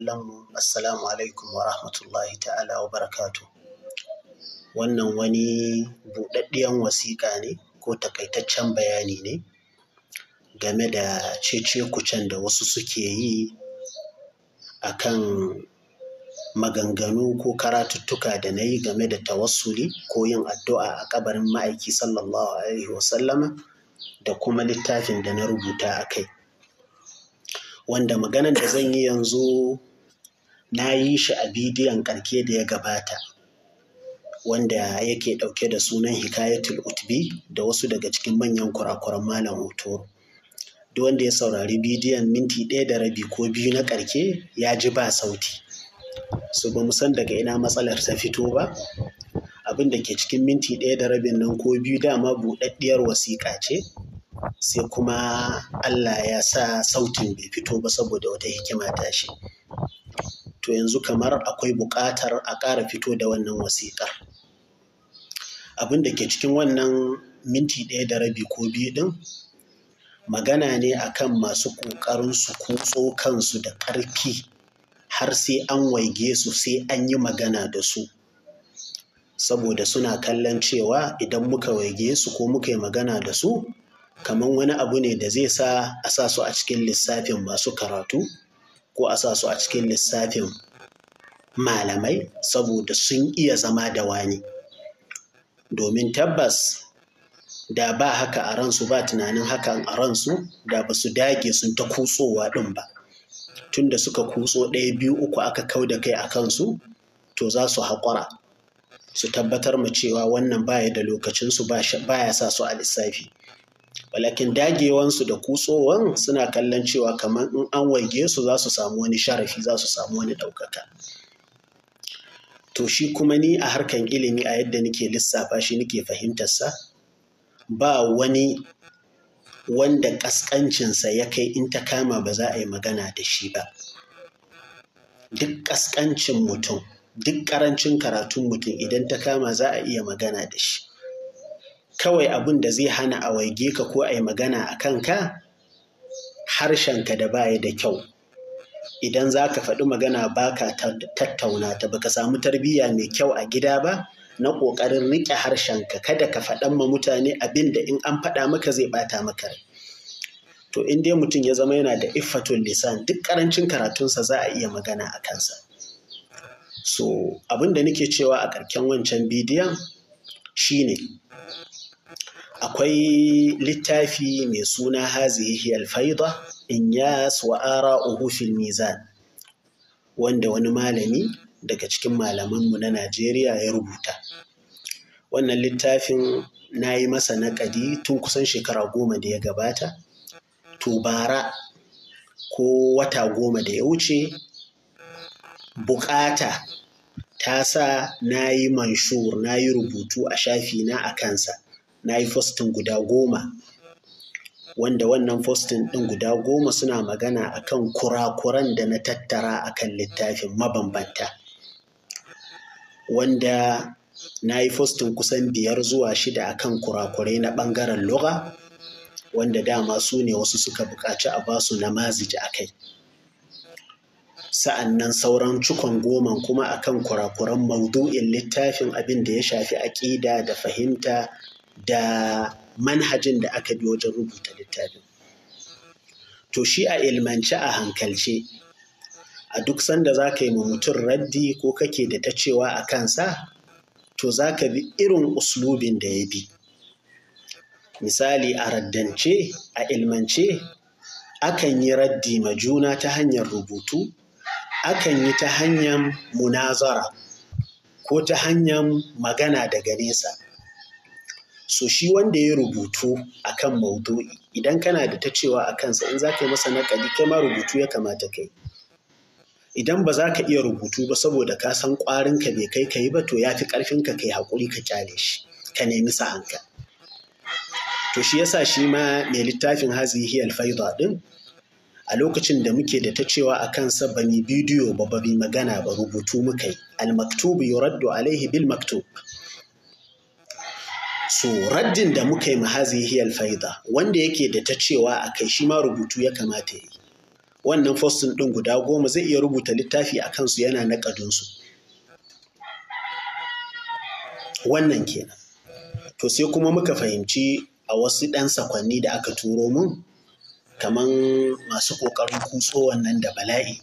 mu assalamu alaikum wa rahmatullahi ta'ala wa barakatu wannan wani buɗaɗɗiyan wasiƙa ne ko takaitaccen bayani ne game da cece kucen da wasu suke yi a kan maganganu ko karatuttuka da na yi game da tawassuli ko yin addu'a a kabarin ma'aiki sallallahu alaihi wasallama da kuma littafin da na rubuta a kai wanda maganar da zan yi yanzu na yi shi a bidiyon karke da ya gabata wanda yake ɗauke da sunan hikayatul utbi da wasu daga cikin manyan kurakuran malam hoto. duk wanda ya saurari bidiyon minti ɗaya da rabi ko biyu na karke ya ji ba sauti su ba san daga ina matsalar ta fito ba abin da ke cikin minti ɗaya da rabin nan ko biyu dama buɗaɗɗiyar wasiƙa ce sai kuma Allah ya sa sautin bai fito ba saboda wata hikima ta shi to yanzu kamar akwai buƙatar a ƙara fito da wannan wasiƙar abin da ke cikin wannan minti ɗaya da rabi ko biyu ɗin magana ne akan masu ƙoƙarin su kutso kansu da ƙarfi har sai an waige su sai an yi magana da su saboda suna kallon cewa idan muka waige su ko muka yi magana da su kamar wani abu ne da zai sa a sa su a cikin lissafin masu karatu ko a sa su a cikin lissafin malamai saboda sun iya zama da wani domin tabbas da ba haka a ransu ba tunanin hakan a ransu da ba su dage sun ta kutsowa ɗin ba tunda suka kutso ɗaya biyu uku aka kau da kai a kansu to za su haƙura su tabbatar mu cewa wannan baya da lokacinsu baya sa su a lissafi walakin dagewansu da kutsowan suna kallon cewa kamar in an waige su za su samu wani sharafi za su samu wani ɗaukaka to shi kuma ni a harkan ilimi a yadda nake lissafa shi nake fahimtarsa ba wani wanda ƙasƙancinsa ya kai in ta kama ba za a yi magana da shi ba duk ƙasƙancin mutum duk ƙarancin karatun mutum idan ta kama za a iya magana da shi kawai abin da zai hana a waige ka ko a yi magana a kanka harshenka da baya da kyau idan za ka faɗi magana ba ka tattauna ta baka samu tarbiyya mai kyau a gida ba na ƙoƙarin riƙe harshenka kada ka faɗan ma mutane abin da in an faɗa maka zai ɓata maka to in dai mutum ya zama yana da iffatul lisan duk ƙarancin karatunsa za a iya magana a kansa so abin da nake cewa a ƙarshen wancan bidiyon shine akwai littafi mai suna hazihi alfaida inyas wa ara fil mizan wanda wani malami daga cikin malamanmu na Najeriya ya rubuta wannan littafin na yi masa naƙadi tun kusan shekara goma da ya gabata Tubara ko wata goma da ya wuce bukata ta sa na yi manshur na yi rubutu a shafi na a kansa na yi fostin guda goma wanda wannan fostin ɗin guda goma suna magana a akan kurakuran da na tattara a kan littafin mabambanta wanda na yi fostin kusan biyar zuwa shida a akan kurakurai na ɓangaren loga wanda dama su ne wasu suka buƙaci a basu namazij a kai sa'annan sauran cikon goman kuma akan kurakuran maudu'in littafin abin da ya shafi aƙida da fahimta da manhajin da aka bi wajen rubuta littafin to shi a ilmance a hankalce a duk sanda za ka yi ma mutum raddi ko kake da ta cewa a kansa to za ka bi irin uslubin da ya bi misali a raddance a ilmance akan yi raddi ma juna ta hanyar rubutu akan yi ta hanyar munazara ko ta hanyar magana daga nesa so shi wanda ya rubutu akan maudu'i idan kana da ta cewa a kansa in za ka yi masa naƙali kai ma rubutu ya kamata ka yi idan ba za ka iya rubutu ba saboda ka san ƙwarin ka bai kai ka yi ba to ya fi ƙarfin ka kai haƙuri ka kyale shi ka nemi sa sa'anka to shi yasa shi ma mai littafin hazi hazihi alfaida din a lokacin da muke da ta cewa a kansa ba ni bidiyo ba ba magana ba rubutu muka yi almaktubu yuraddu alaihi bil maktub so raddin da muka yi hiyar fa’ida wanda yake da ta cewa a kai shi ma rubutu ya kamata yi wannan fostin ɗin guda goma zai iya rubuta littafi a kansu yana na ƙadunsu. wannan kenan to sai kuma muka fahimci a wasu ɗan sakwanni da aka turo mun kamar masu ƙoƙarin kutso wannan da bala'i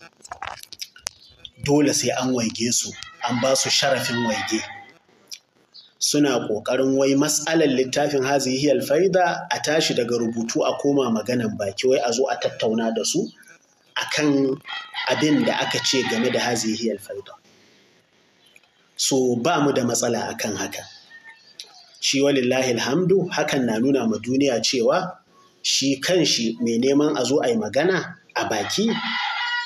dole sai an waige su an ba su sharafin waige suna ƙoƙarin wai matsalar littafin hazihi alfaida a tashi daga rubutu a koma maganan baki wai a zo a tattauna da su akan abin da aka ce game da hazihi alfaida so ba mu da matsala a kan haka shi walillahi alhamdu hakan na nuna ma duniya cewa shi kan shi mai neman a zo a yi magana a baki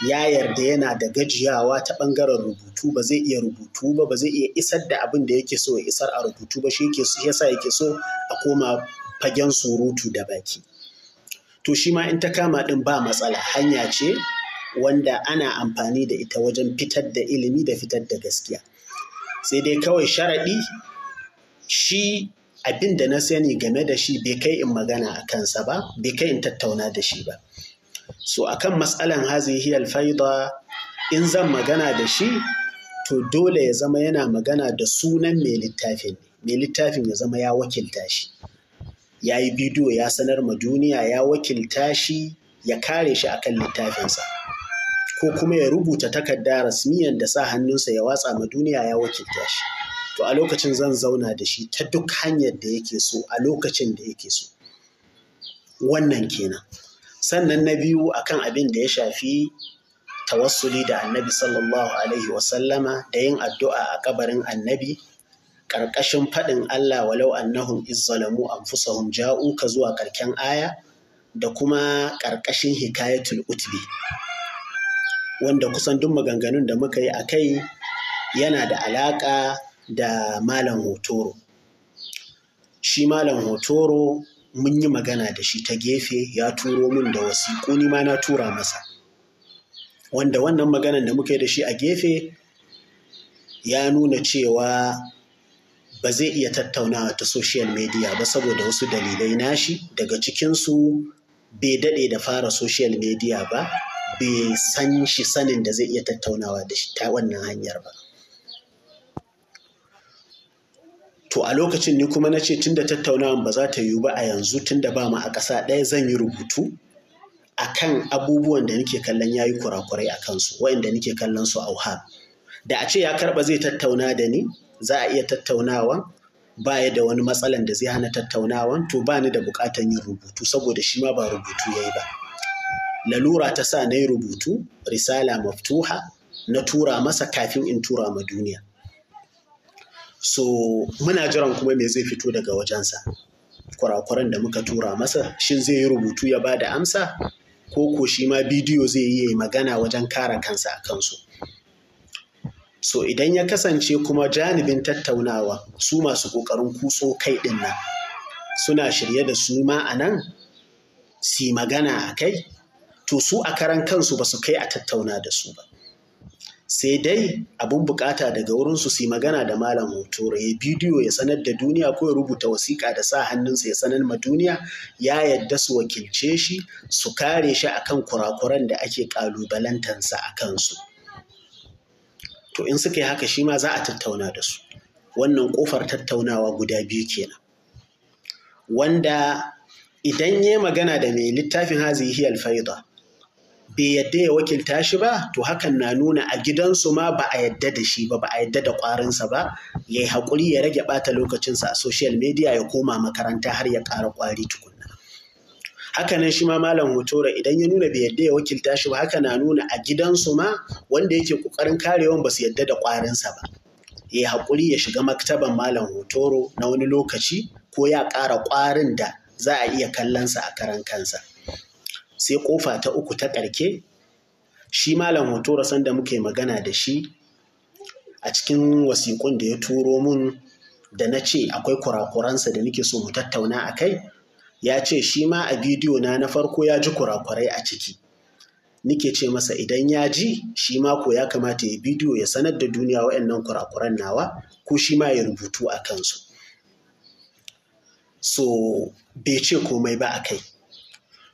ya yarda yana da gajiyawa ta bangaren rubutu ba zai iya rubutu ba ba zai iya isar da abin da yake so ya isar a rubutu ba shi yasa yake so a koma fagen surutu da baki to shi ma in ta kama din ba matsala hanya ce wanda ana amfani da ita wajen fitar da ilimi da fitar da gaskiya sai dai kawai sharaɗi shi abin da na sani game da shi bai kai in magana a kansa ba bai kai in tattauna da shi ba so a akan matsalan hazihi alfaida in zan magana da shi to dole ya zama yana magana da sunan mai littafin mai littafin ya zama ya wakilta shi ya yi bidiyo ya sanar ma duniya ya wakilta shi ya kare shi akan littafinsa ko kuma ya rubuta takarda rasmiyan da sa hannunsa ya watsa ma duniya ya wakilta shi to a lokacin zan zauna da shi ta duk hanyar da yake so a lokacin da yake so wannan kenan sannan na biyu akan abin da ya shafi tawassuli da annabi sallallahu alaihi wasallama da yin addu'a a kabarin annabi ƙarƙashin faɗin Allah walau annahum izzalamu anfusahum ka zuwa ƙarken aya da kuma ƙarƙashin hikayatul utbi wanda kusan duk maganganun da muka yi a kai yana da alaƙa da malam hotoro shi malam hotoro mun yi magana da shi ta gefe ya turo min da wasiƙo ni ma na tura masa wanda wannan maganar da muka da shi a gefe ya nuna cewa ba zai iya tattaunawa ta social media ba saboda wasu dalilai nashi daga cikinsu bai daɗe da fara social media ba bai san shi sanin da zai iya tattaunawa da shi ta wannan hanyar ba to a lokacin ni kuma na ce tun da tattaunawan ba za ta yiwu ba a yanzu tun da ba mu a ƙasa ɗaya zan yi rubutu a kan abubuwan da nike kallon ya yayi kurakurai a kansu waɗanda nike kallon su auha da a ce ya karɓa zai tattauna da ni za a iya tattaunawa ya da wani matsalan da zai hana tattaunawan to ba ni da buƙatan yin rubutu saboda shi ma ba rubutu ya yi ba lalura ta sa na yi rubutu risala maftuha na tura masa kafin in tura ma duniya so muna jiran kuma me zai fito daga wajensa kurakuran da muka tura masa shin zai yi rubutu ya ba da amsa ko ko shi ma bidiyo zai yi magana wajen kara kansa a kansu so idan ya kasance kuma janibin tattaunawa su masu ƙoƙarin kutso kai ɗin nan suna shirye da su ma a nan si magana a kai to su a karan kansu ba su kai a tattauna da su ba sai dai abun bukata daga wurin su magana da malam hoto ya bidiyo ya sanar da duniya ko ya rubuta wasiƙa da sa hannunsa ya sanar ma duniya ya yadda su wakilce shi su kare shi a akan kurakuran da ake kalubalantansa a kansu to in suka yi haka shi ma za a tattauna da su wannan kofar tattaunawa guda biyu kenan wanda idan ya magana da mai littafin hazihi faida. bai yadda ya wakilta shi ba to hakan na nuna a gidansu ma ba a yadda da shi ba ba a yadda da kwarinsa ba ya yi haƙuri ya rage ɓata lokacinsa a social media ya koma makaranta har ya ƙara ƙwari tukunna hakanan shi ma malam hotora idan ya nuna bai yadda ya wakilta shi ba haka na nuna a gidansu ma wanda yake ƙoƙarin karewan ba su yadda da ƙwarinsa ba ya yi haƙuri ya shiga maktaban malam hotoro na wani lokaci ko ya ƙara ƙwarin da za a iya kallonsa a karan kansa sai kofa ta uku ta ƙarke shi malam hoto sanda muke magana da shi a cikin wasiƙun da ya turo mun da na ce akwai kurakuransa da nake so mu tattauna a kai ya ce shi ma a bidiyo na na farko ya ji kurakurai a ciki nike ce masa idan ya ji shi ma ko ya kamata ya bidiyo ya sanar da duniya waɗannan kurakuran nawa ko shi ma ya rubutu a kansu so bai ce komai ba a kai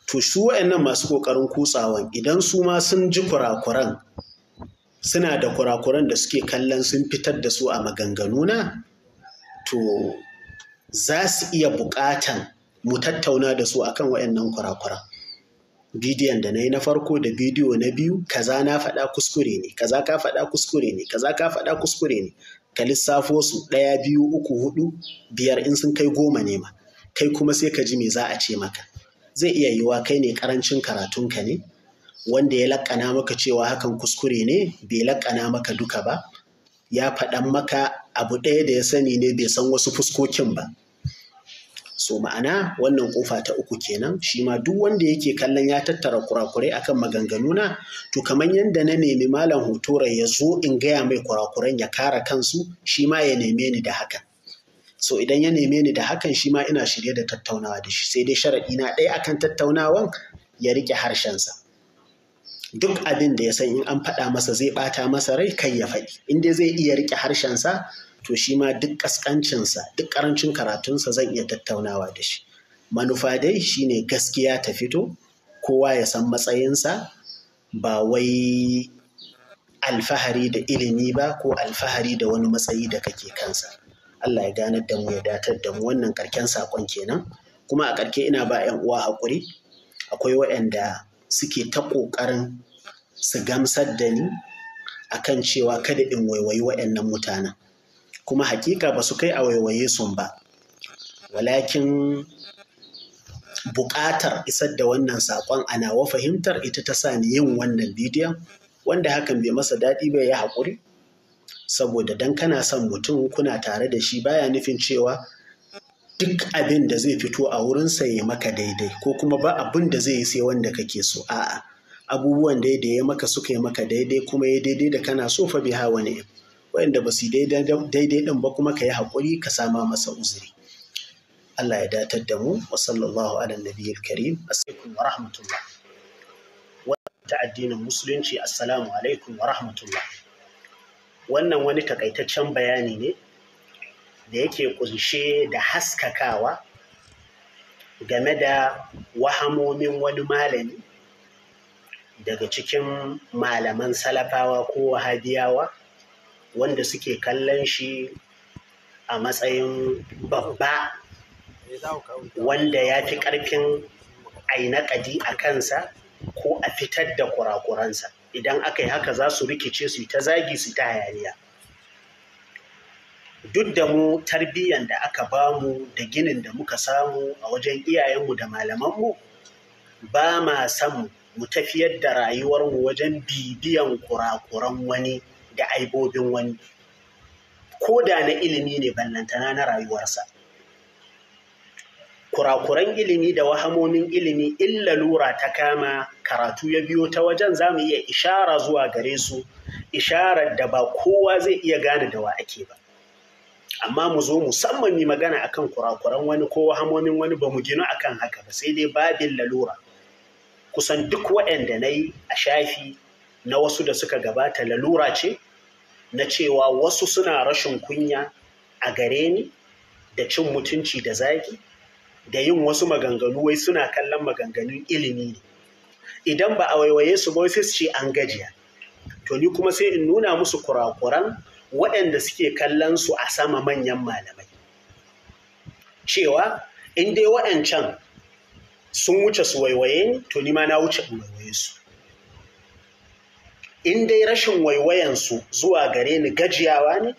to su wa'annan masu ƙoƙarin kutsawan idan su ma sun ji kurakuran suna da kurakuran da suke kallon sun fitar da su a maganganu na to za su iya buƙatan mu tattauna da su akan wa'annan kurakuran bidiyon da na yi na farko da bidiyo na biyu kaza na faɗa kuskure ne kaza ka faɗa kuskure ne kaza ka faɗa kuskure ne ka lissafo su ɗaya biyu uku hudu biyar in sun kai goma ne ma kai kuma sai ka ji me za a ce maka zai iya yiwa kai ne karancin karatunka ne wanda ya laƙana maka cewa hakan kuskure ne bai laƙana maka duka ba ya faɗan maka abu ɗaya da ya sani ne bai san wasu fuskokin ba so ma'ana wannan kofa ta uku kenan shi ma duk wanda yake kallon ya tattara kurakurai akan maganganuna to kamar yadda na nemi malam hutura ya zo in gaya mai kurakuran ya kara kansu shi ma ya neme ni da hakan so idan ya neme ni da hakan shi ma ina shirye da tattaunawa da shi sai dai sharaɗi na ɗaya akan tattaunawan ya riƙe harshensa duk abin da ya san in an faɗa masa zai ɓata masa rai kai ya faɗi in dai zai iya riƙe harshensa to shi ma duk ƙasƙancinsa duk ƙarancin karatunsa zan iya tattaunawa da shi manufa dai shine gaskiya ta fito kowa ya san matsayinsa ba wai alfahari da ilimi ba ko alfahari da wani matsayi da kake kansa Allah ya ganar da mu ya datar da mu wannan karken sakon kenan kuma a karke ina ba yan uwa hakuri akwai waɗanda suke ta ƙoƙarin su gamsar da ni akan cewa kada in waiwayi waɗannan mutanen kuma hakika ba su kai a waiwaye sun ba walakin buƙatar isar da wannan saƙon a nawa fahimtar ita ta sani yin wannan bidiyon wanda hakan bai masa daɗi bai ya haƙuri saboda dan kana son mutum kuna tare da shi baya nufin cewa duk abin da zai fito a wurin ya maka daidai ko kuma ba abin da zai yi sai wanda kake so a'a abubuwan da ya maka suka yi maka daidai kuma ya daidai da kana so fa biha wani wanda ba su daidai din ba kuma ka yi haƙuri ka sama masa uzuri Allah ya datar da mu wa sallallahu ala nabiyil karim assalamu wa rahmatullah wa ta addinin musulunci assalamu alaikum wa rahmatullah wannan wani takaitaccen bayani ne da yake kunshe da haskakawa game da wahamomin wani malami daga cikin malaman salafawa ko wahabiyawa wanda suke kallon shi a matsayin babba wanda ya fi ƙarfin aina ƙadi a kansa ko a fitar da kurakuransa. idan aka yi haka za su rikice su ta zagi su ta hayaniya duk da mu tarbiyyar da aka bamu da ginin da muka samu a wajen iyayenmu da malamanmu ba ma san mu tafiyar da rayuwarmu wajen bibiyan kurakuran wani da aibobin wani ko da na ilimi ne ballantana na rayuwarsa kurakuran ilimi da wahamomin ilimi illa lura ta kama karatu ya biyo ta wajen za mu iya ishara zuwa gare su isharar da ba kowa zai iya gane da wa ake ba amma mu zo musamman mu magana akan kurakuran wani ko wahamomin wani ba mu gino akan haka ba sai dai babin lalura kusan duk waɗanda na yi a shafi na wasu da suka gabata lalura ce na cewa wasu suna rashin kunya a gare ni da cin mutunci da zagi da yin wasu maganganu wai suna kallon maganganun ilimi ne idan ba a waiwaye su ba ce an gajiya to ni kuma sai in nuna musu kurakuran waɗanda suke kallon su a sama manyan malamai cewa in dai waɗancan sun wuce su waiwaye ni to ni ma na wuce in waiwaye su in dai rashin waiwayensu zuwa gare ni gajiyawa ne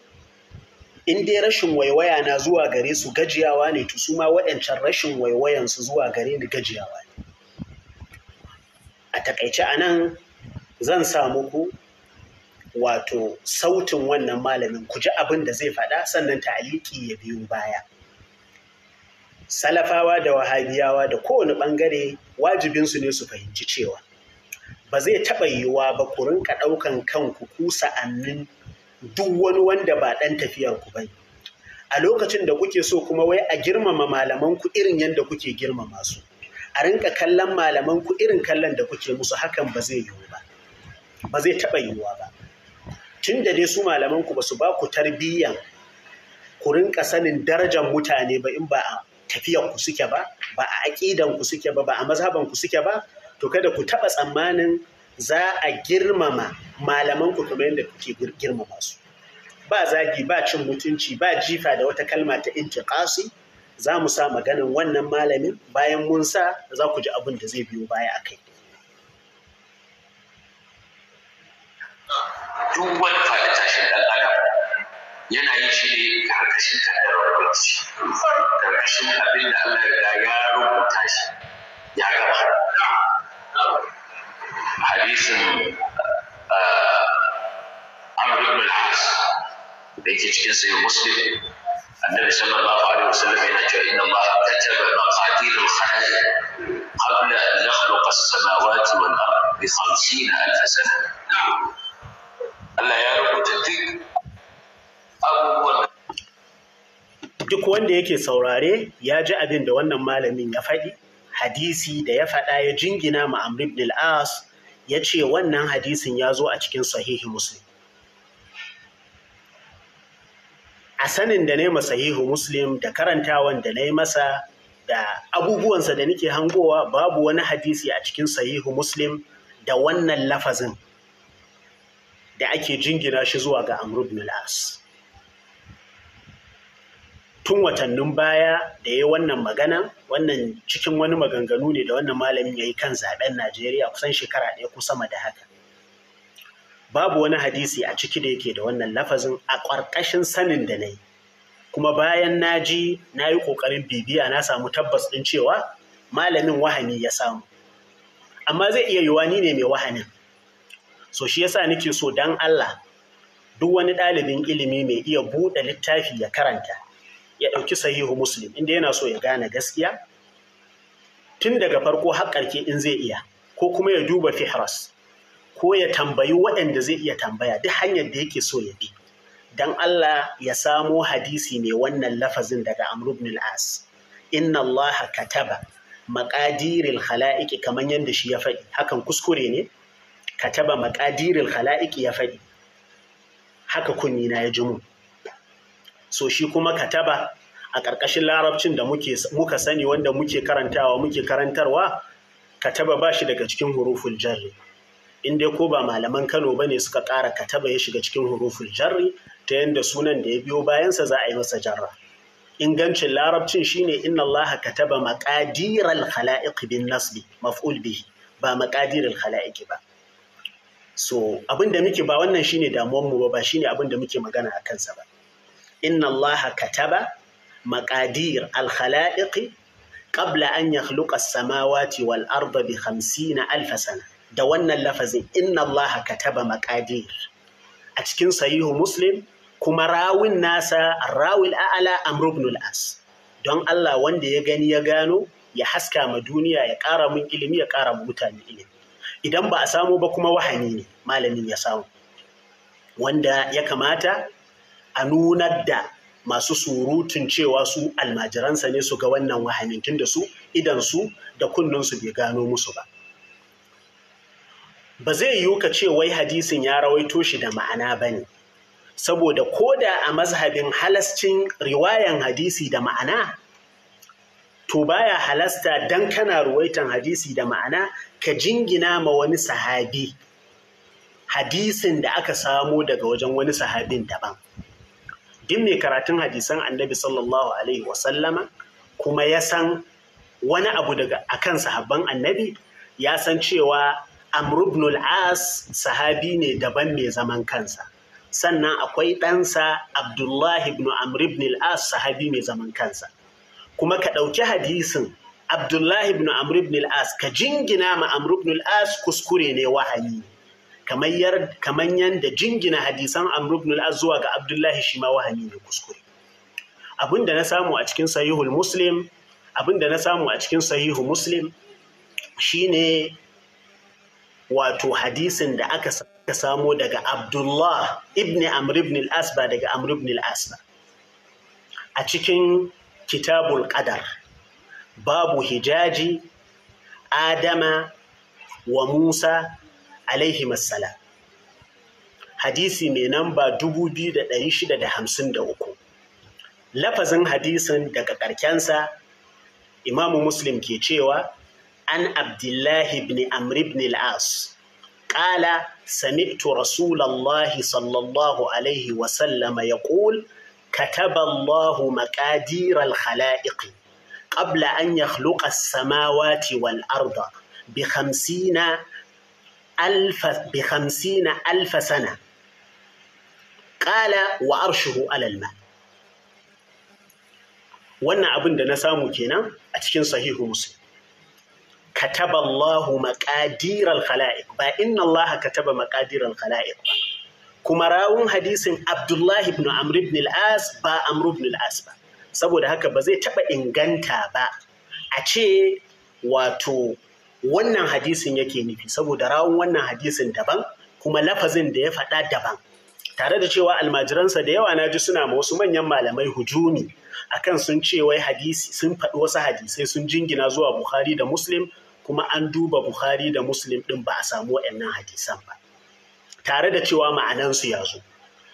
in dai rashin waiwaya na zuwa gare su gajiyawa ne to su ma waɗancan rashin waiwayan su zuwa gare ni gajiyawa ne a takaice a nan zan sa muku wato sautin wannan malamin ku ji abin da zai faɗa sannan ta'aliki ya biyu baya salafawa da wahabiyawa da kowane ɓangare wajibinsu ne su fahimci cewa ba zai taɓa yiwuwa ba ku rinka ɗaukan kanku ku sa'annin duk wani wanda ba ɗan tafiyar ku bai a lokacin da kuke so kuma wai a girmama malaman ku irin yadda kuke girmama su a rinka kallon malaman ku irin kallon da kuke musu hakan ba zai yiwu ba ba zai taɓa yiwuwa ba tun da dai su malaman ku ba su ba ku tarbiyyan ku rinka sanin darajar mutane ba in ba a tafiyar ku suke ba ba a aƙidan ku suke ba ba a mazhaban ku suke ba to kada ku taɓa tsammanin za a girmama malaman ku kamar yadda kuke girmama su ba zagi ba cin mutunci ba jifa da wata kalma ta intiqasi za mu sa maganin wannan malamin bayan mun sa za ku ji abin da zai biyo baya a kai duk wani fada dan adam yana yin shi ne karkashin kaddarar karkashin abin da Allah ya rubuta shi ya gaba da yake cikin sayyid muslim annabi sallallahu alaihi wasallam yana cewa inna allaha kataba maqadir al-khalaiq qabla an yakhluqa as-samawati wal ard bi 50000 sana Allah ya rubuta duk abubuwan duk wanda yake saurare ya ji abin da wannan malamin ya faɗi hadisi da ya faɗa ya jingina ma Amr ibn al-As ya ce wannan hadisin ya zo a cikin sahihi Muslim a sanin da na sahihu muslim da karantawan da na yi masa da abubuwansa da nake hangowa babu wani hadisi a cikin sahihu muslim da wannan lafazin da ake jingina shi zuwa ga amr milas tun watannin baya da ya wannan magana wannan cikin wani maganganu ne da wannan malamin ya yi kan zaben najeriya kusan shekara ɗaya ko sama da haka babu wani hadisi a ciki da yake da wannan lafazin a ƙarƙashin sanin da na yi kuma bayan na ji na yi ƙoƙarin bibiya na samu tabbas ɗin cewa malamin wahani ya samu amma zai iya yiwa ni ne mai wahanin so shi yasa nake so dan Allah duk wani ɗalibin ilimi mai iya buɗe littafi ya karanta ya ɗauki sahihu muslim inda yana so ya gane gaskiya tun daga farko har in zai iya ko kuma ya duba fihras ko ya tambayi waɗanda zai iya tambaya duk hanyar da yake so ya bi dan Allah ya samo hadisi mai wannan lafazin daga Amr ibn al-As inna Allah kataba maqadiril khalaiqi kaman yanda shi ya faɗi hakan kuskure ne kataba maqadiril khalaiqi ya faɗi haka kunni na ya jimu so shi kuma kataba a ƙarƙashin larabcin da muka sani wanda muke karantawa muke karantarwa kataba ba shi daga cikin huruful jarri in dai ko ba malaman Kano ba ne suka ƙara kataba ya shiga cikin huruful jarri ta yadda sunan da ya biyo bayansa za a yi masa jarra. Ingancin larabcin shine inna Allaha kataba al khalaiq bin nasbi maf'ul bihi ba al khalaiq ba. So abinda muke ba wannan shine damuwar mu ba shine abin da muke magana a kansa ba. Inna Allaha kataba maqadir al khalaiq qabla an yakhluqa as-samawati wal arda bi 50 alf sana. da wannan lafazin inna Allah ka kataba makadir a cikin sahihu muslim kuma rawin nasa rawil a'ala amr ibn al-as don Allah wanda ya gani ya gano ya haska ma duniya ya ƙara mun ilimi ya ƙara mu mutane ilimi idan ba a samu ba kuma wahani ne malamin ya samu wanda ya kamata a nunar da masu surutun cewa su almajiransa ne su ga wannan wahamin tun da su idan su da kunnen su bai gano musu ba ba zai yiwu ka ce wai hadisin ya rawaito shi da ma'ana ba ne saboda da a mazhabin halascin riwayan hadisi da ma'ana to baya halasta dan kana ruwaitan hadisi da ma'ana ka jingina ma wani sahabi hadisin da aka samo daga wajen wani sahabin daban duk mai karatun hadisan annabi sallallahu alaihi wasallama kuma ya san wani abu daga akan sahabban annabi ya san cewa amrubnul as sahabi ne daban mai zaman kansa sannan akwai ɗansa abdullahi ibn amr ibn as sahabi mai zaman kansa kuma ka ɗauki hadisin abdullahi ibn amr ibn as ka jingina ma amr ibn as kuskure ne wahayi kamar yadda jingina hadisan amr ibn as zuwa ga abdullahi shi ma wahayi ne kuskure abinda na samu a cikin sahihul muslim abinda na samu a cikin sahihu muslim shine wato hadisin da aka samo daga Abdullah ibn Amr ibn al asba daga Amr ibn al asba a cikin kitabul qadar babu hijaji Adama wa Musa alaihi hadisi mai namba 2653 lafazin hadisin daga karkensa imamu muslim ke cewa an abdullahi Bni amr ibn al-as qala sami'tu rasulallahi sallallahu alaihi wa sallama yaqul كتب الله مقادير الخلائق قبل أن يخلق السماوات والأرض بخمسين ألف, بخمسين ألف سنة قال وأرشه على الماء wannan abin da na samu kenan a cikin sahihu muslim kataba Allahu maqadir al-khalaiq ba inna Allah kataba maqadir al-khalaiq ba kuma rawun hadisin Abdullahi ibn Amr ibn al-As ba Amr ibn al-As ba saboda haka ba zai taba inganta ba a ce wato wannan hadisin yake nufi saboda rawun wannan hadisin daban kuma lafazin da ya faɗa daban tare da cewa almajiransa da yawa na ji suna ma wasu manyan malamai hujumi akan sun ce wai hadisi sun faɗi wasu hadisai sun jingina zuwa Bukhari da Muslim kuma an duba Bukhari da Muslim ɗin ba a samu wa'annan hadisan ba tare da cewa ma'anansu ya zo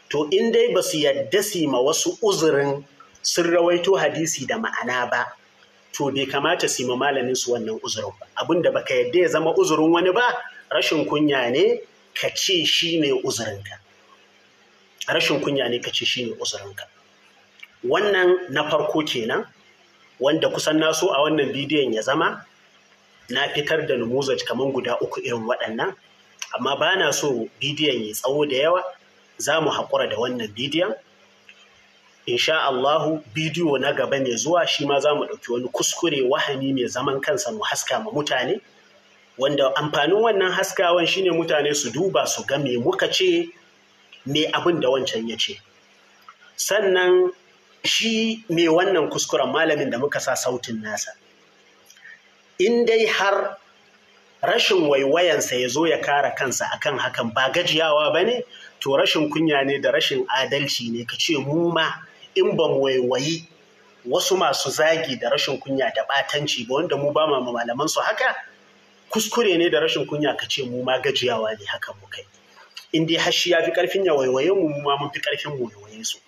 to in dai ba su yadda su ma wasu uzurin sun rawaito hadisi da ma'ana ba to bai kamata su ma malamin su wannan uzurin ba abin da baka yadda ya zama uzurin wani ba rashin kunya ne ka ce shi ne uzurinka rashin kunya ne ka ce shi ne uzurinka wannan na farko kenan wanda kusan naso a wannan bidiyon ya zama na fitar da numuzaj kamar guda uku irin waɗannan amma ba na so bidiyon ya tsawo da yawa za mu haƙura da wannan bidiyon insha Allahu bidiyo na gaba mai zuwa shi ma za mu ɗauki wani kuskure wahani mai zaman kansa mu haska ma mutane wanda amfanin wannan haskawan shi ne mutane su duba su ga me muka ce me abin da wancan ya ce sannan shi me wannan kuskuren malamin da muka sa sautin nasa in dai har rashin waiwayansa ya zo ya kara kansa akan hakan ba gajiyawa ba ne to rashin kunya ne da rashin adalci ne ka ce mu ma in ba mu waiwayi wasu masu zagi da rashin kunya da batanci ba wanda mu ba ma malaman su haka kuskure ne da rashin kunya ka ce mu ma gajiyawa ne haka mu kai in dai hashi ya fi karfin ya waiwaye mu mu ma mun fi karfin mu waiwaye su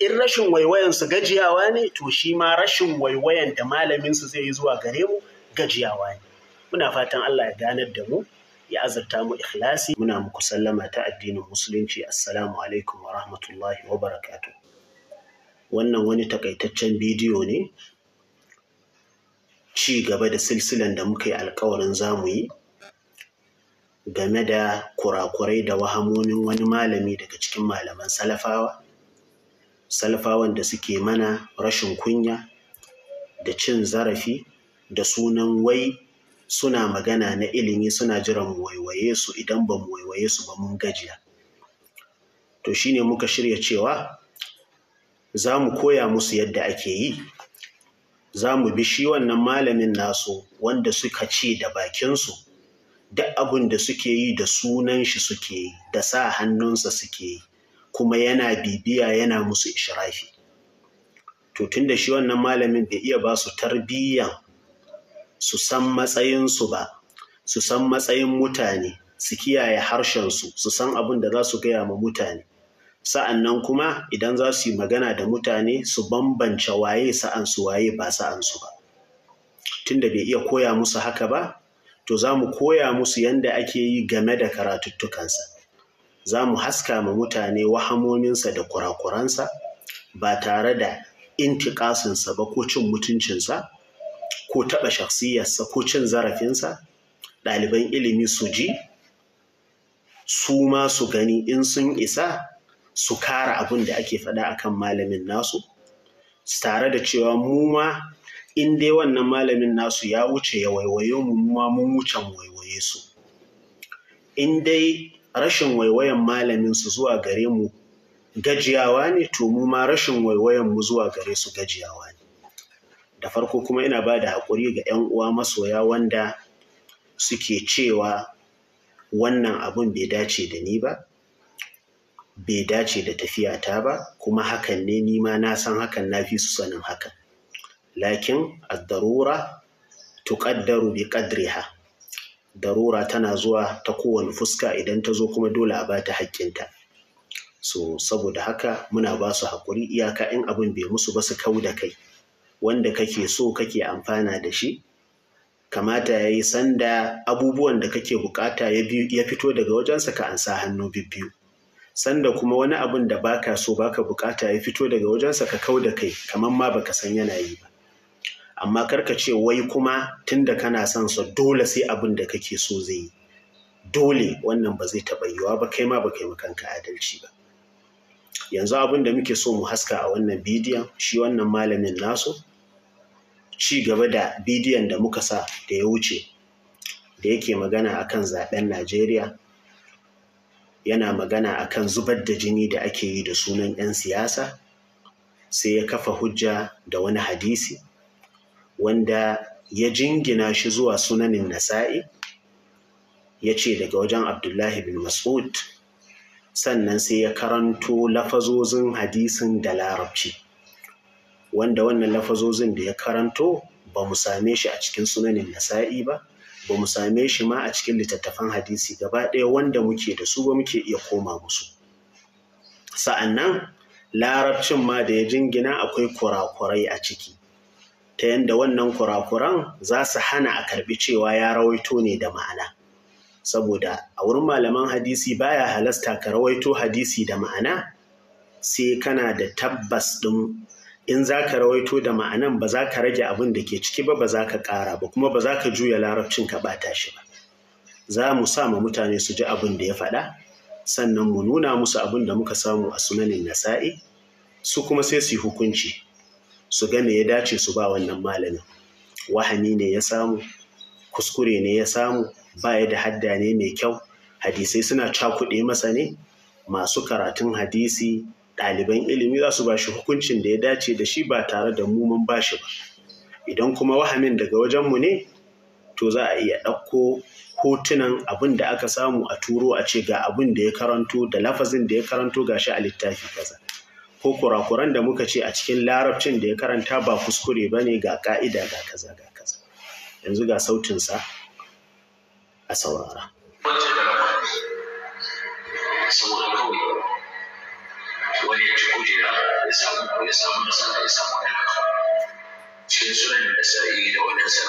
in rashin waiwayan su gajiyawa ne to shi ma rashin waiwayan da malaminsu zai yi zuwa gare mu gajiyawa ne muna fatan Allah ya ganar da mu ya azurta mu ikhlasi muna muku sallama ta addinin musulunci assalamu alaikum wa rahmatullahi wa barakatu. wannan wani takaitaccen bidiyo ne ci gaba da silsilan da muka yi alkawarin zamu yi game da kurakurai da wahamomin wani malami daga cikin malaman salafawa salafawan da suke mana rashin kunya da cin zarafi da sunan wai suna magana na ilimi suna jiran mu waiwaye su idan ba waiwaye su ba mun gajiya to shi ne muka shirya cewa za mu koya musu yadda ake yi za mu bi shi wannan malamin nasu wanda suka ce da bakinsu duk abin da suke yi da sunan shi suke yi da sa hannunsa suke yi kuma yana bibiya yana musu ishirafi to da shi wannan malamin bai iya ba su tarbiyyan su san matsayinsu ba su san matsayin mutane su kiyaye harshensu su san abin da za su gaya ma mutane sa'an nan kuma idan za su yi magana da mutane su bambance waye sa'ansu waye ba sa'ansu ba tunda bai iya koya musu haka ba to za mu koya musu yadda ake yi game da karatuttukansa za mu haska ma mutane wahamominsa da kurakuransa ba tare da intikasinsa ba ko cin mutuncinsa ko taɓa shaksiyarsa ko cin zarafinsa ɗaliban ilimi su ji su ma su gani in sun isa su kara abin da ake faɗa kan malamin nasu tare da cewa mu ma in dai wannan malamin nasu ya wuce ya waiwaye mu ma mun wuce waiwaye su in dai rashin waiwayen malamin su zuwa gare mu gajiyawa ne to mu ma rashin waiwayen mu zuwa gare su gajiyawa ne da farko kuma ina ba da haƙuri ga 'yan uwa masoya wanda suke cewa wannan abun bai dace da ni ba bai dace da tafiyata ba kuma hakan ne ni ma na san hakan na fi su sanin hakan lakin ad-darura tuqaddaru bi qadriha darura tana zuwa ta kowane fuska idan ta zo kuma dole a bata haƙƙinta so saboda haka muna ba su haƙuri iyaka in abin bai musu ba su kau da kai wanda kake so kake amfana da shi kamata ya yi sanda abubuwan da kake bukata ya fito daga wajensa ka ansa hannu bibbiyu sanda kuma wani abun da baka so baka bukata ya fito daga wajensa ka kau da kai kamar ma baka san yana yi ba amma karka ce wai kuma tunda kana son sa dole sai abun da kake so zai yi dole wannan ba zai taɓa yiwuwa ba kai ma ba kai kanka adalci ba yanzu abin da muke so mu haska a wannan bidiyon shi wannan malamin nasu ci gaba da bidiyon da muka sa da ya wuce da yake magana akan zaɓen Najeriya yana magana akan zubar da jini da ake yi da sunan 'yan siyasa sai ya kafa hujja da wani hadisi wanda ya jingina shi zuwa sunanin nasa'i ya ce daga wajen abdullahi bin mas'ud sannan sai ya karanto lafazozin hadisin da larabci wanda wannan lafazozin da ya karanto ba mu same shi a cikin sunanin nasa'i ba ba mu same shi ma a cikin littattafan hadisi gaba ɗaya wanda muke da su ba muke iya koma musu sa'annan larabcin ma da ya jingina akwai kurakurai a ciki ta yadda wannan kurakuran za su hana a karbi cewa ya rawaito ne da ma'ana saboda a wurin malaman hadisi baya halasta ka rawaito hadisi da ma'ana sai kana da tabbas ɗin in za ka rawaito da ma'anan ba za ka rage abin da ke ciki ba ba za ka ƙara ba kuma ba za ka juya larabcin ka ɓata shi ba za mu sa ma mutane su ji abin da ya faɗa sannan mu nuna musu abin da muka samu a sunanin nasa'i su kuma sai su yi hukunci su gane ya dace su ba wannan malamin wahani ne ya samu kuskure ne ya samu ba ya da hadda ne mai kyau hadisai suna cakuɗe masa ne masu karatun hadisi ɗaliban ilimi za su ba shi hukuncin da ya dace da shi ba tare da mu ba shi ba idan kuma wahamin daga wajenmu ne to za a iya ɗauko hotunan abin da aka samu a turo a ce ga abin da ya karanto da lafazin da ya karanto ga shi a littafi kaza ko kurakuran da muka ce a cikin larabcin da ya karanta ba kuskure ba ne ga ka'ida ga kaza ga kaza yanzu ga sautinsa a saurara. ya samu nasara ya samu halaka shi sunan da yi da waɗansa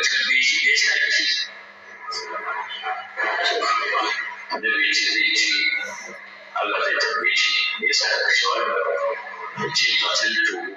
ka tambaye shi me yasa ka ce annabi Allah zai tambaye shi me yasa ka ce wannan ya ce fasaltu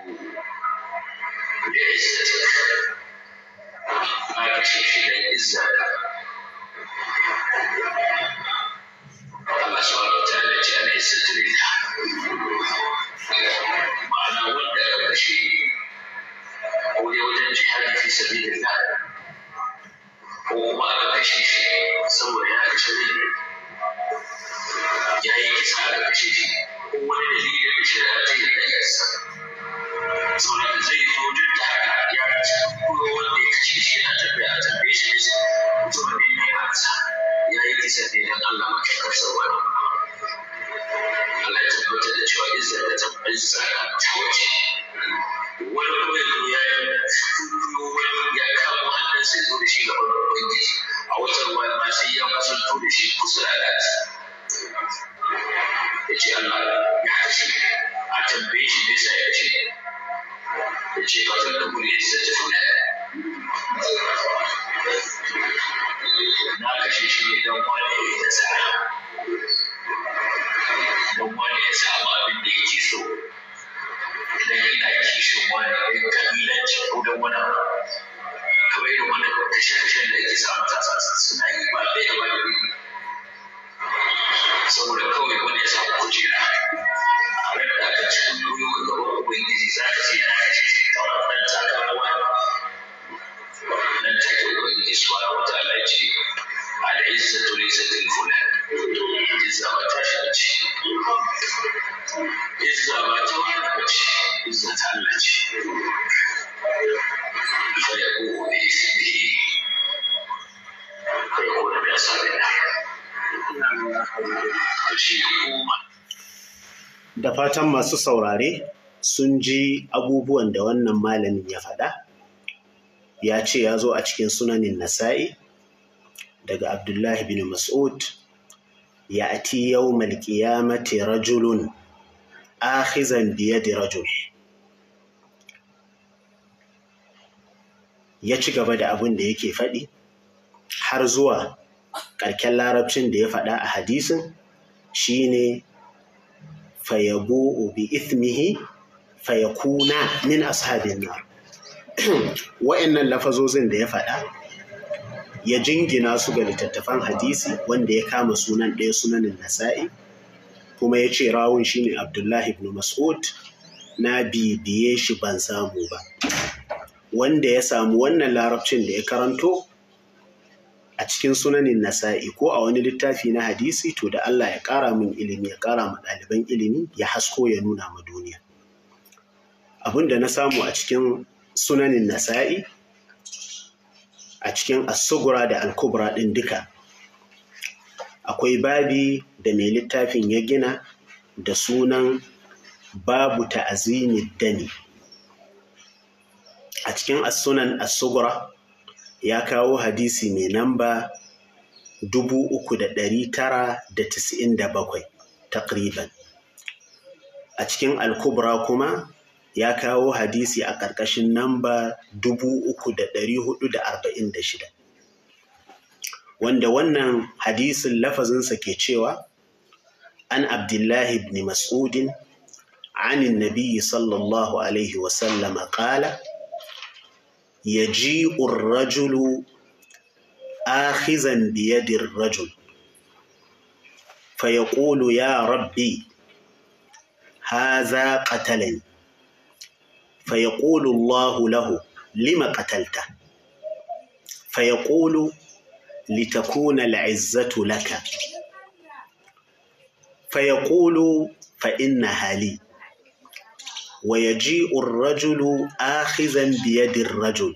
ce ba zan da mu ta fatan masu saurare sun ji abubuwan da wannan malamin ya faɗa ya ce ya zo a cikin sunanin nasa'i daga abdullahi bin mas'ud ya ati yau malkiyamati rajulun akhizan biyadi rajul ya ci gaba da abin da yake faɗi har zuwa ƙarken larabcin da ya faɗa a hadisin shine fayabu'u bi ithmihi fayakuna min ashabin nar wa'annan lafazozin da ya faɗa ya jingina su ga littattafan hadisi wanda ya kama sunan ɗaya sunanin nasa'i kuma ya ce rawun shine abdullahi ibn mas'ud na bibiye shi ban samu ba wanda ya samu wannan larabcin da ya karanto a cikin sunanin nasa'i ko a wani littafi na hadisi to da Allah ya ƙara min ilimi ya ƙara ma ɗaliban ilimi ya hasko ya nuna ma duniya abin da na samu a cikin sunanin nasa'i a cikin asugura da alkubra ɗin duka akwai babi da mai littafin ya gina da sunan babu ta'azimi dani a cikin as-sunan as ya kawo hadisi mai namba 3,997 takriban. A cikin Alkubra kuma ya kawo hadisi a ƙarƙashin namba 3,446. Wanda wannan hadisin lafazinsa ke cewa, An Abdullahi ibn Mas'udin, عن النبي صلى الله عليه وسلم قال: يجيء الرجل آخذا بيد الرجل فيقول يا ربي هذا قتلني فيقول الله له لم قتلته فيقول لتكون العزة لك فيقول فإنها لي wa yaji'u ar-rajulu akhizan bi yadi ar-rajul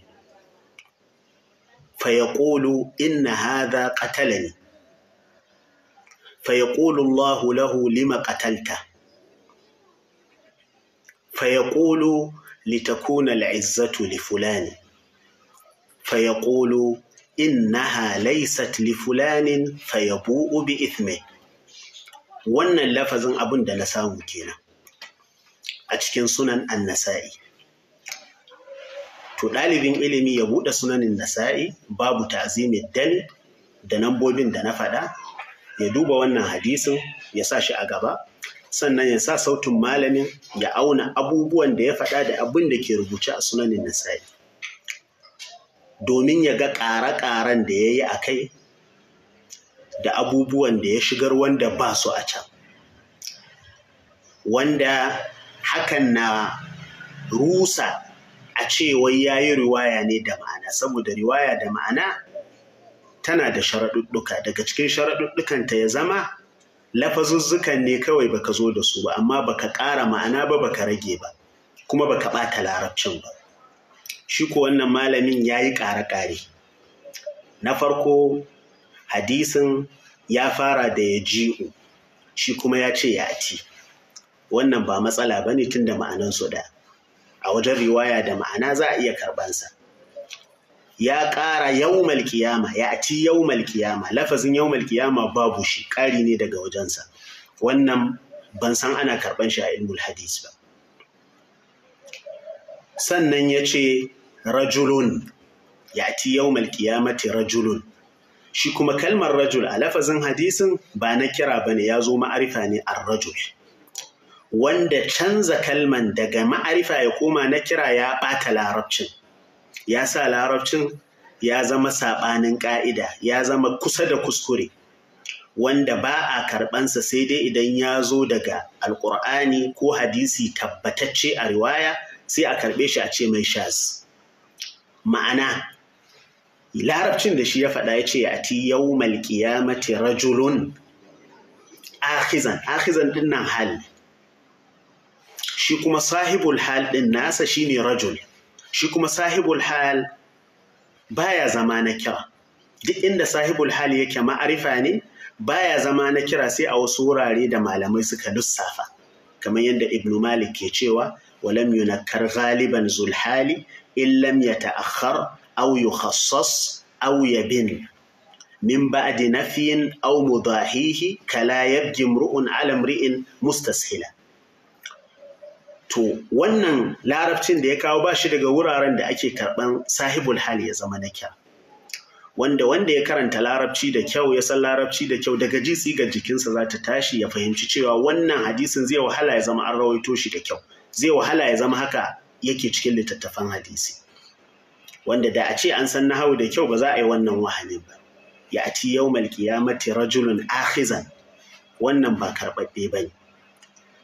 فيقول إن هذا قتلني فيقول الله له لم قتلته فيقول لتكون العزة لفلان فيقول إنها ليست لفلان فيبوء بإثمه wannan lafazin abin da na samu kenan a cikin sunan annasa'i to ɗalibin ilimi ya buɗe sunanin nasa'i babu ta'zimin dal da nambobin da na faɗa ya duba wannan hadisin ya sa shi a gaba sannan ya sa sautin malamin ya auna abubuwan da ya faɗa da abin da ke rubuce a sunanin nasa'i domin ya ga ƙare ƙaran da ya yi a kai da abubuwan da ya shigar wanda ba su a can wanda hakan na rusa a ce ya yi riwaya ne da ma'ana saboda riwaya da ma'ana tana da sharaɗuɗɗuka daga cikin sharaɗuɗɗukanta ya zama lafazuzzukan ne kawai baka zo da su ba amma baka ƙara ma'ana ba baka rage ba kuma baka ɓata larabcin ba shi ko wannan malamin ya yi ƙare-ƙare na farko hadisin ya fara da ya ji'u shi kuma ya ce ya ati. wannan ba matsala ba ne tun da ma'anansu da a wajen riwaya da ma'ana za a iya karɓansa ya ƙara yawmal kiyama ya ci yawmal kiyama lafazin yawmal babu shi ƙari ne daga wajensa wannan ban san ana karɓan shi a ilmul hadis ba sannan ya ce rajulun ya ci yawmal kiyamati rajulun shi kuma kalmar rajul a lafazin hadisin ba na kira ba ne ya zo ma'arifa ne ar rajul wanda canza kalman daga ma'arifa ya koma na kira ya ɓata larabcin ya sa larabcin ya zama saɓanin ƙa'ida ya zama kusa da kuskure wanda ba a karɓansa sai dai idan ya zo daga alƙur'ani ko hadisi tabbatacce a riwaya sai a karɓe shi a ce mai shaz ma'ana larabcin da shi ya faɗa ya ce a ti yau rajulun ahizan ahizan ɗinnan hali. shi kuma sahibul hal ɗin nasa shine rajul shi kuma sahibul hal baya zama na kira duk inda sahibul hal yake ma'arifa ne baya zama na kira sai a wasu wurare da malamai suka lissafa kamar yadda ibn malik ke cewa walam yunakkar ghaliban zulhali in lam yata'akhkhar aw yukhassas aw yabin min ba'di nafyin aw mudahihi kala yabgi imru'un ala imri'in mustashila to wannan larabcin da ya kawo ba shi daga wuraren da ake karɓan sahibul hal ya zama na kyau. wanda wanda ya karanta larabci da kyau ya san larabci da kyau daga jitsi ga jikinsa za ta tashi ya fahimci cewa wannan hadisin zai wahala ya zama an rawaito shi da kyau zai wahala ya zama haka yake cikin littattafan hadisi wanda da a ce an san nahawu da kyau ba za a yi wannan wahamin ba ya ati yawmal qiyamati rajulun akhizan wannan ba karɓaɓɓe ba ne.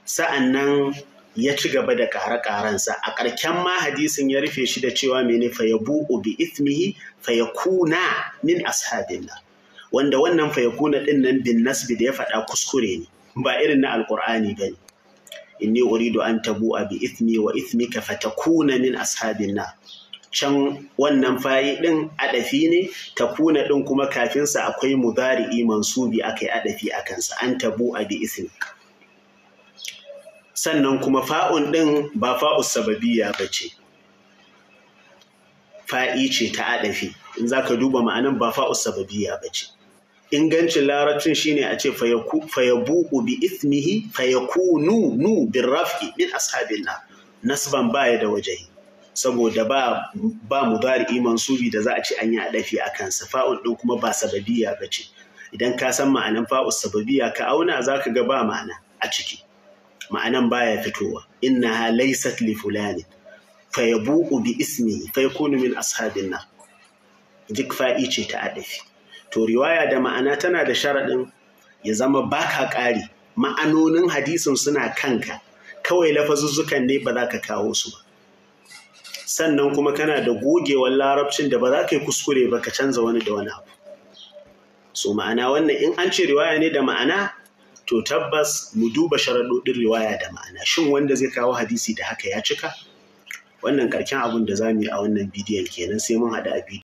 Sa'an nan. ya ci gaba da ƙare-ƙarensa a ƙarken ma hadisin ya rufe shi da cewa mene fa ya bu'u bi ithmihi fa ya min ashabillah wanda wannan fa ya kuna nan bin nasbi da ya faɗa kuskure ne ba irin na alƙur'ani ba ne inni uridu an tabu bi ithmi wa ithmika fa takuna min ashabillah can wannan fayi ɗin adafi ne takuna kuna ɗin kuma sa akwai mudari'i mansubi akai adafi akansa an tabu bi ithmi sannan kuma fa'un ɗin ba fa'us sababiya ba ce fa'i ce ta adafi in za ka duba ma'anan ba fa'us sababiya ba ce ingancin larabcin shine a ce fayabu'u bi ismihi fayaku nu bin rafi min ashabin na nasban baya da waje saboda ba ba mudari mansubi da za a ce an yi adafi a kansa fa'un ɗin kuma ba sababiya ba ce idan ka san ma'anan fa'u sababiya ka auna za ka ga ba ma'ana a ciki ma'anan baya fitowa innaha laysat li fulani fayabu'u bi ismi yakunu min ashabin na? duk fa'i ce ta adafi to riwaya da ma'ana tana da sharaɗin ya zama baka ƙari ma'anonin hadisin suna kanka kawai lafazuzzukan ne ba za ka kawo su ba sannan kuma kana da gogewar larabcin da ba za ka yi kuskure ba ka canza wani da wani abu so ma'ana wannan in an ce riwaya ne da ma'ana to tabbas mu duba sharaɗoɗin riwaya da ma'ana shin wanda zai kawo hadisi da haka ya cika wannan karken abin da za mu yi a wannan bidiyon kenan sai mun haɗu a bidiyo